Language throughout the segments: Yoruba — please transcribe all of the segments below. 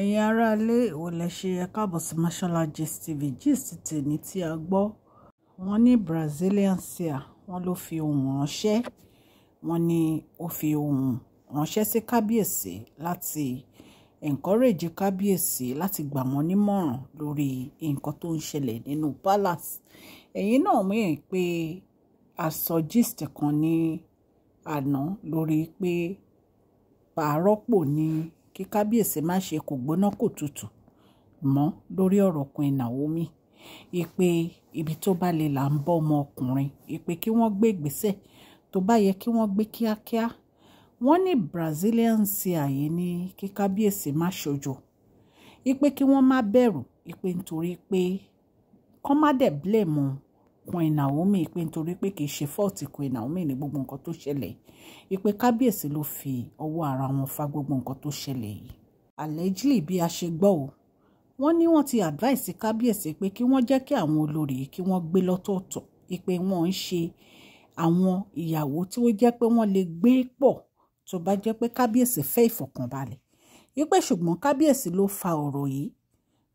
ẹ̀yin aráalé èwo lẹ ṣe ẹ káàbọ̀ sí Mashola Gist TV gist tèmi tí a gbọ́ wọ́n ní Brazilian seer wọ́n ló fi ohùn ránṣẹ́ wọ́n ní ó fi ohùn ránṣẹ́ sí kábíyèsí láti encourage kábíyèsí láti gbà wọ́n nímọ̀ràn lórí nǹkan tó ń ṣẹlẹ̀ nínú palace ẹ̀yin náà mìíràn pé a sọ gist kan ní àná lórí pé pàrọ́pò ní kí kábíyèsí má ṣe kò gbóná kò tutù mọ́ lórí ọ̀rọ̀ Queen Naomi ìpè ibi tó bá lè là ń bọ́ ọmọ ọkùnrin ìpè kí wọ́n gbé ìgbésẹ̀ tó bá yẹ kí wọ́n gbé kíákíá wọ́n ní Brazilian ṣe àyè ní kí kábíyèsí má ṣojo ìpè kí wọ́n má bẹ̀rù ìpè nítorí pé kọ́n má dẹ̀ blame wọn Queen Naomi pé nítorí pé kì í ṣe fọ́ọ̀tì Queen Naomi ní gbogbo nǹkan tó ṣẹlẹ̀ ìpè kábíyèsí ló fi ọwọ́ ara wọn fa gbogbo nǹkan tó ṣẹlẹ̀ yìí allegedly bí a ṣe gbọ́ o wọ́n ní ti advice kábíyèsí pé kí wọ́n jẹ́ kí àwọn olórí kí wọ́n gbé lọ́tọ̀ọ̀tọ̀ ìpè wọ́n ń ṣe àwọn ìyàwó tí ó jẹ́ pé wọ́n lè gbé pọ̀ tó bá jẹ́ pé kábíyèsí fẹ́ ìfọ̀kànbalẹ̀ wípé ṣùgbọ́n kábíyèsí ló fa ọ̀rọ̀ yìí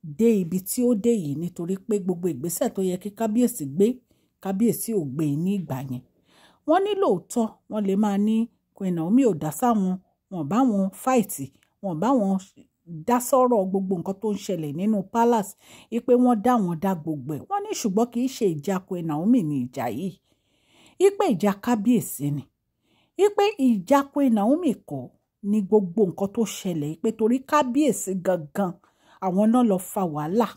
dé ibi tí ó dé yìí nítorí pé gbogbo ìgbésẹ̀ tó yẹ kí kábíyèsí gbé kábíyèsí ò gbé e ní ìgbà yẹn wọ́n ní lóòótọ́ wọ́n lè máa ní Queen Naomi ò dá sáwọn wọ́n bá wọn fáìtì wọ́n bá wọn dá sọ́rọ̀ gbogbo nǹkan tó ń ṣẹlẹ̀ nínú palace ipe wọ́n dá wọn dá gbogbo ẹ̀ wọ́n ní ṣùgbọ́n kì í ṣe ìjà Queen Naomi ní ìjà yìí ipe ìjà kábíyèsí ni ipe ìjà Queen Naomi kọ́ ni gbogbo nǹkan tó ṣẹlẹ̀ ipe torí kábíyèsí gangan àwọn náà lọ fa wàhálà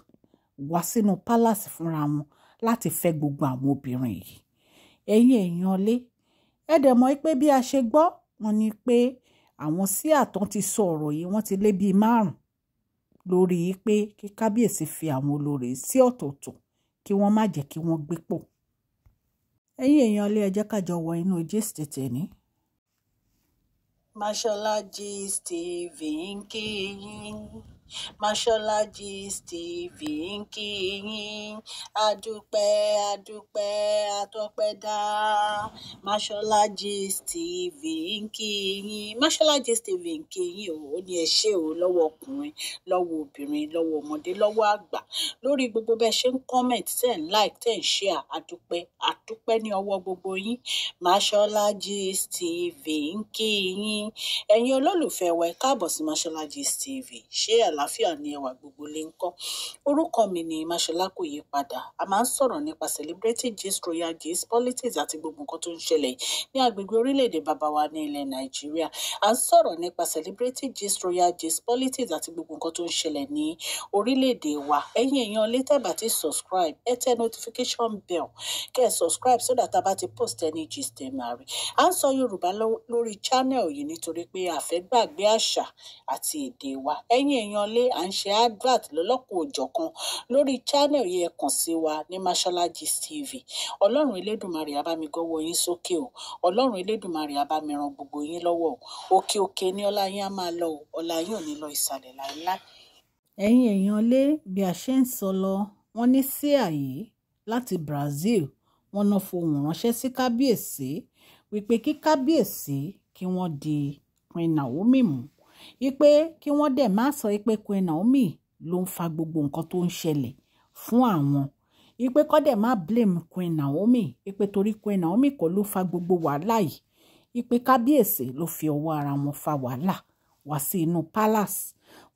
wá sínú palace fúnra wọn láti fẹ́ gbogbo àwọn obìnrin yìí ẹ̀yin èèyàn lé ẹ dẹ̀ mọ̀ pé bí a ṣe gbọ́ wọn ni pé àwọn sí àtàn ti sọ ọ̀rọ̀ yìí wọ́n ti lé bíi márùn lórí pé kí kábíyèsí fi àwọn olórí sí ọ̀tọ̀ọ̀tọ̀ kí wọ́n má jẹ́ kí wọ́n gbépò ẹ̀yin èèyàn lé ẹ jẹ́ ká jọ wọ inú gist tèmi. Mashola Gist TV ń mashola gist tv ń kí yín adúpẹ́ adúpẹ́ atọ́pẹ́dá mashola gist tv ń kí yín mashola gist tv ń kí yín o ó ní ẹ ṣé o lọ́wọ́ ọkùnrin lọ́wọ́ obìnrin lọ́wọ́ ọmọdé lọ́wọ́ àgbà lórí gbogbo bẹ́ẹ̀ ṣe ń comment ten like ten share àdúpẹ́ àdúpẹ́ ní ọwọ́ gbogbo yín Mashola Gist TV ń kí yín ẹ̀yin olólùfẹ́ wa ẹ káàbọ̀ sí Mashola Gist TV ṣé àlàáfíà ni ẹwà gbogbo lè ń kọ́ orúkọ mi ni Mashola kò yí padà a máa ń sọ̀rọ̀ nípa celebrity gist royal gist politics àti gbogbo nǹkan tó ń ṣẹlẹ̀ ní agbègbè orílẹ̀-èdè baba wa ní ilẹ̀ Nàìjíríà à ń sọ̀rọ̀ nípa celebrity gist royal gist politics àti gbogbo nǹkan tó ń ṣẹlẹ̀ ní orílẹ̀-èdè wa ẹ̀yin èèyàn èèyàn lé tẹ́ ti subscribe ẹ tẹ notification bell kẹ́ ẹ subscribe so that a bá ti post ẹni gist ẹ̀ máa rí à ń sọ Yorùbá lórí channel yìí nítorí pé a fẹ́ gbàgbé àṣà àti èdè wa ẹ̀yin èèyàn lé à ń ṣe advert lọ́lọ́kùn òjọ̀kan lórí channel yìí ẹ kàn sí wa ní Mashola Gist TV ọlọ́run elédùnmarè á mi gọ́wọ́ yín sókè o ọlọ́run elédùnmarè á bá mi ràn gbogbo yín lọ́wọ́ o òkè òkè ni ọlá yín á máa lọ o ọlá yín ò ní lọ ìsàlẹ̀ láéláé ẹ̀yin èèyàn lé bí a ṣe ń sọ lọ wọ́n ní síà yìí láti Brazil wọ́n náà fohùn ránṣẹ́ sí kábíyèsí wípé kí kábíyèsí kí wọ́n di Queen Naomi mú wípé kí wọ́n dẹ̀ má sọ wípé Queen Naomi ló ń fa gbogbo nǹkan tó ń ṣẹlẹ̀ fún àwọn wípé kọ́ dẹ̀ má blame Queen Naomi wípé torí Queen Naomi kọ́ ló fa gbogbo wàhálà yìí wípé kábíyèsí ló fi ọwọ́ ara wọn fa wàhálà wá sí inú palace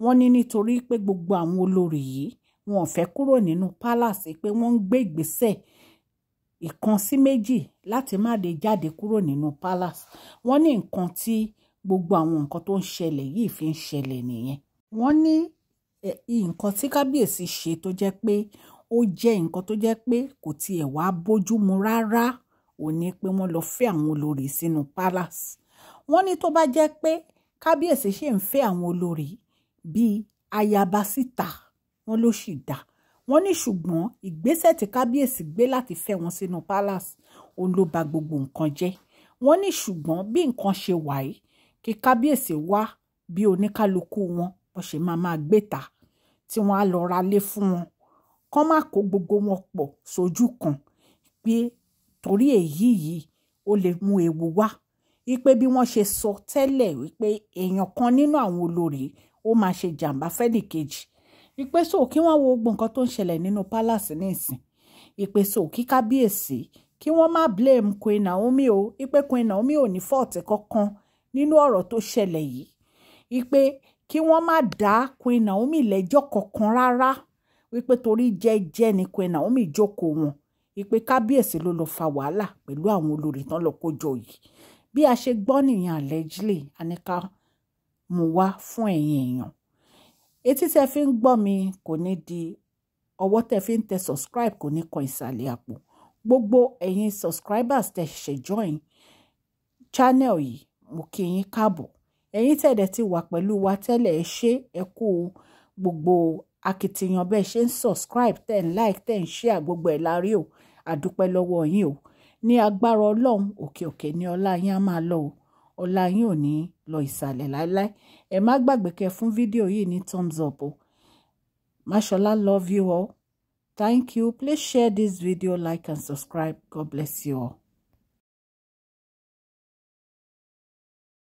wọ́n ní nítorí pé gbogbo àwọn olórí yìí wọn ò fẹ́ kúrò nínú pálàsì pé wọ́n ń gbé ìgbésẹ̀ ìkan sí méjì láti má de jáde kúrò nínú palace wọ́n ní nǹkan tí gbogbo àwọn nǹkan tó ń ṣẹlẹ̀ yìí fi ń ṣẹlẹ̀ nìyẹn wọ́n ní nǹkan tí kábíyèsí ṣe tó jẹ́ pé ó jẹ́ nǹkan tó jẹ́ pé kò tiẹ̀ wá bójú mu rárá ò ní pé wọ́n lọ fẹ́ àwọn olórí sínú palace wọ́n ní tó bá jẹ́ pé kábíyèsí ṣe ń fẹ́ àwọn olórí bíi ayaba síta wọn ló sì dá wọn ní ṣùgbọ́n ìgbésẹ̀ tí kábíyèsí gbé láti fẹ́ wọn sínú palace òun ló ba gbogbo nǹkan jẹ́ wọn ní ṣùgbọ́n bí nǹkan ṣe wáyé kí kábíyèsí wá bí oníkálukú wọn wọn ṣe máa máa gbéta tí wọn á lọ ralé fún wọn kán má kó gbogbo wọn pọ̀ sójú kan pé torí èyí yìí ó lè mú ewu wá wípé bí wọ́n ṣe sọ tẹ́lẹ̀ wípé èèyàn kan nínú àwọn olórí ó máa ṣe jàǹbá fẹ́nì kejì ìpè so kí wọ́n wo gbogbo nǹkan tó ń ṣẹlẹ̀ nínú palace nísìn ìpè kí kábíyèsí kí wọ́n má blame Queen Naomi o ìpè Queen Naomi ò ní fọ́ọ̀tì kankan nínú ọ̀rọ̀ tó ṣẹlẹ̀ yìí ìpè kí wọ́n má dá Queen Naomi lẹ́jọ́ kankan rárá wípé torí jẹ́jẹ́ ni Queen Naomi jókòó wọn ìpè kábíyèsí ló lọ fa wàhálà pẹ̀lú àwọn olórí tán lọ kójọ yìí bí a ṣe gbọ́ nìyẹn allegedly anika mú wá fún ẹ̀yin èèyàn etí tẹ fi ń gbọ́ mi kò ní di ọwọ́ tẹ fi ń tẹ subscribe kò ní kan ìsàlẹ̀ àpò gbogbo ẹ̀yin subscribers tẹ ṣẹ̀ṣẹ̀ join channel yìí mo kí yín káàbọ̀ ẹ̀yin tẹ̀dẹ̀ ti wà pẹ̀lú wa tẹ́lẹ̀ ẹ ṣé ẹ kú gbogbo akitiyan bẹ́ẹ̀ ṣe ń subscribe tẹ̀ ń like tẹ̀ ń share gbogbo ẹ̀ lárí o àdúpẹ́ lọ́wọ́ yín o ní agbára ọlọ́run òkè òkè ní ọlá yín á máa lọ o ọlá yín ò ní lọ ìsàlẹ̀ láéláé ẹ má gbàgbé kẹ́ fún fídíò yìí ní thumbs up o mashola love you all thank you please share this video like and subscribe god bless you all.